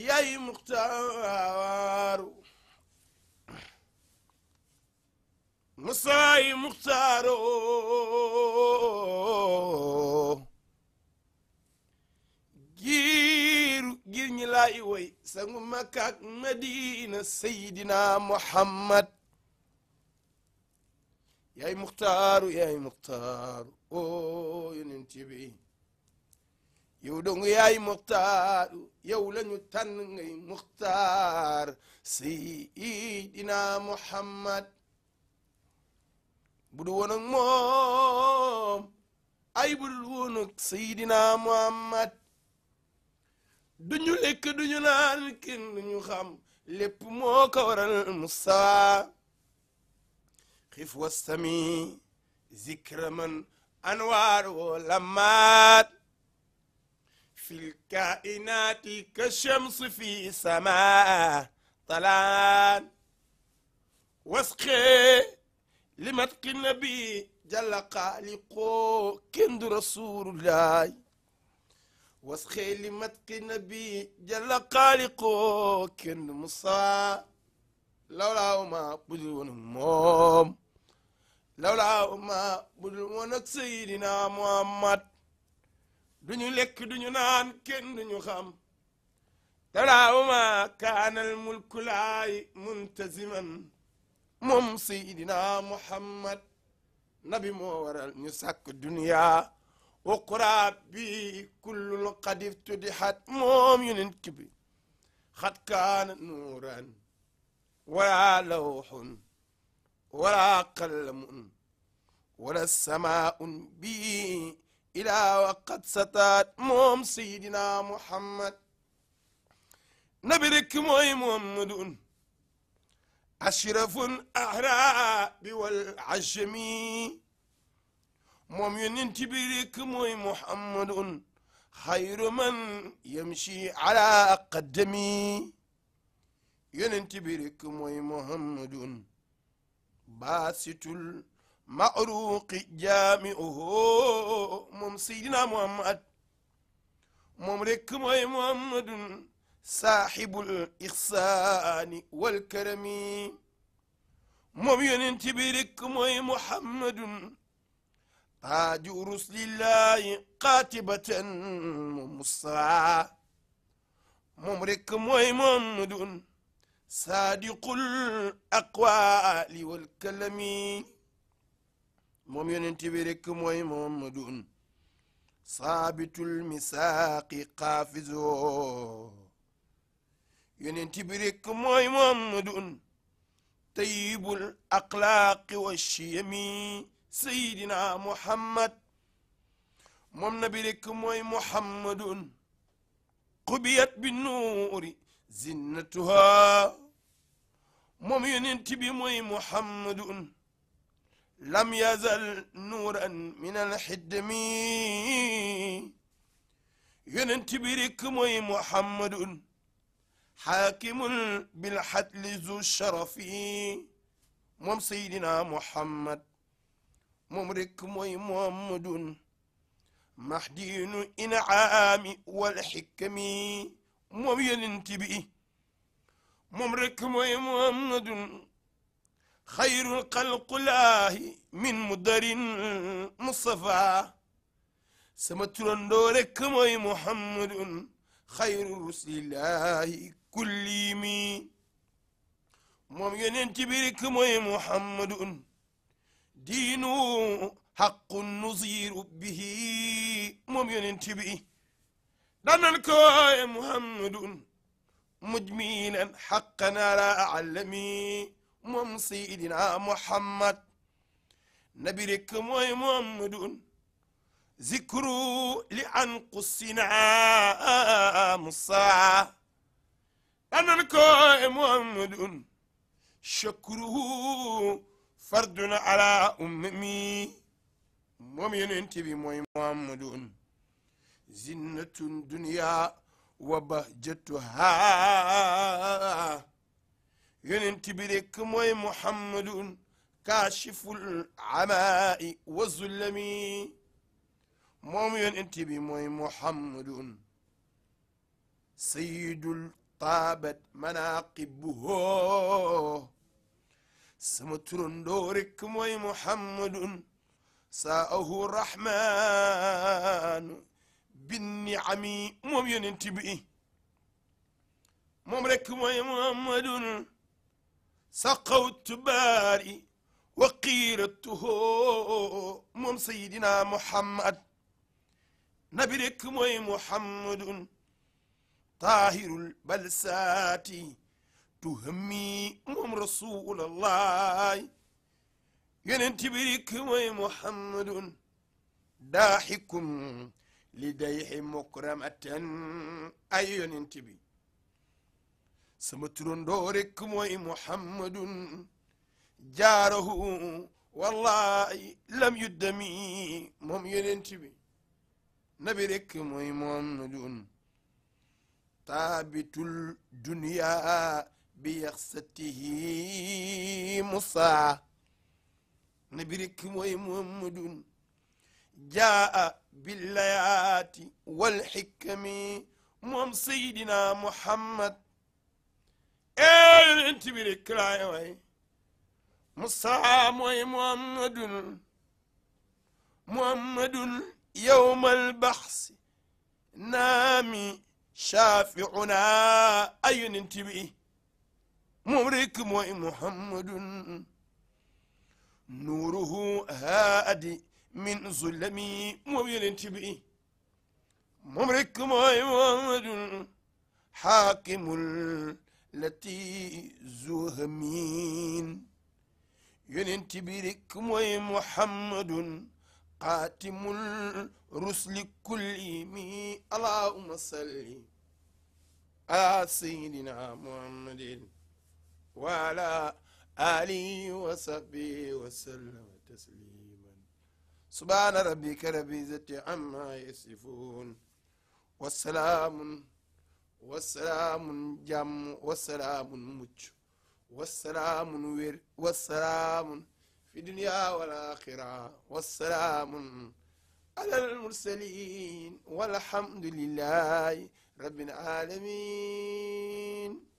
yay muxtaaru musaay muxtaaru giiru giir ñi laay woy sangu makkaak madina seydina muhammad yay muxtaaru yay muxtaaru oo yonent bi yow dong yaay muxtaaru yow lañu tànn ngay muxtaar sayidina muhammad bu du woon moom ay bu dul woon ak sayidina muhammad duñu lekk duñu naan kenn duñu xam lépp moo ko waral mustawa xif wastami zikra man anwaar woo lamaat في الكائنات كالشمس في سماء طلعان وسقي لمدق النبي جل خالقه كند رسول الله وسقي لمدق النبي جل خالقه كند مصطفى لولا ما بدون موم لولا ما بدون سيدنا محمد duñu lekk duñu naan kenn duñu xam taraawuma kaanal mulku laay muntaziman moom sayidina muhammad nabi moo waral ñu sàkk duniya wa quraab bi kullul qadif tuddihat moom yonent bi xat kaana nuuran wala lawxun wala qalamun wala samaaun bi ilaa waqat sataat moom sayidina muhammad nabi rekk mooy muhammadun ashraful ahraabi wal ajami moom yonent bi rekk mooy muhammadun xayru man yamshi ala qaddami yonent bi rekk mooy muhammadun baasitul maxruqi jaamiuhu moom seydina muhammad moom rekk mooy muhammadun saaxibul ixsaani walkarami moom yonent bi rekk mooy muhammadun taaju ruslillahi qaatibatan musaa moom rekk mooy muhammadun saadiqul aqwaali walkalami moom yonent bi rekk mooy muhammadun saabitul misaaqi xaafizo yonent bi rekk mooy muhammadun tayyibul axlaaqi wa chiyami sayidina muhammad moom nabi rekk mooy muhammadun xubiyat bi nuuri zinnatuha moom yonent bi mooy muhammadun lam yazal nuuran min alxidmi yonent bi rekk mooy muhammadun xaakimun bilxadli zu sharafi moom seydina muhammad moom rekk mooy muhammadun mahdinu inaami walxikami moom yonent bi moom rekk mooy muhammadun xayrul xalqulaahi min mudarin Mustafa sama turandoo rekk mooy Muhammadun xayru rusulillaahi kulli mi moom yonent bi rekk mooy Muhammadun diinu xaqun nuziru bihi moom yonent bi danan ko waaye Muhammadun mujmilan moom seydina muhammad nabi rekk mooy muhammadun zikru li an qussina musaa anan koy muhammadun shakruhu ala ummami moom yonent bi mooy muhammadun zinnatun dunya wa bahjatuha yonent bi rekk mooy muhammadun kaashiful amaai wa zullami moom yonent bi mooy muhammadun sayidul taabat manaqibuhoo sama turandoo rekk mooy muhammadun saahu rahmaanu binniami moom yonent bi moom rekk mooy muhammadun سقوت باري وقيرته moom Seydina Muhammad nabi rekk mooy Muhammadun taahirul balsaati tuhami moom rasulallah yonent bi rekk mooy Muhammadun daaxikum li dayxi mukramatan ay yonent bi sama turandoo rekk mooy muhammadun jaarahu wallahi lam yuddami moom yonent bi nabi rekk mooy muhammadun taabitul dunya bi yaxsatihi musa nabi rekk mooy muhammadun jaa billayaati walxikami moom sayidina muhammad eenti bi mooy Muhammadun Muhammadun yowmal baxsi naami shaafi'una ay yonent bi moom min zulami moom yonent lati zuhamin yonent bi rekk mooy rusli kulli mi allahumma salli ala sayidina muhammadin wa ala alihi wa sahbihi wa sallam tasliman subhana rabbika rabbil izzati amma wassalaamun jàmm wassalaamun mucc wassalaamun wér wassalaamun fi dunya wal axira wassalaamun alal mursalin walhamdulillahi rabbil alamin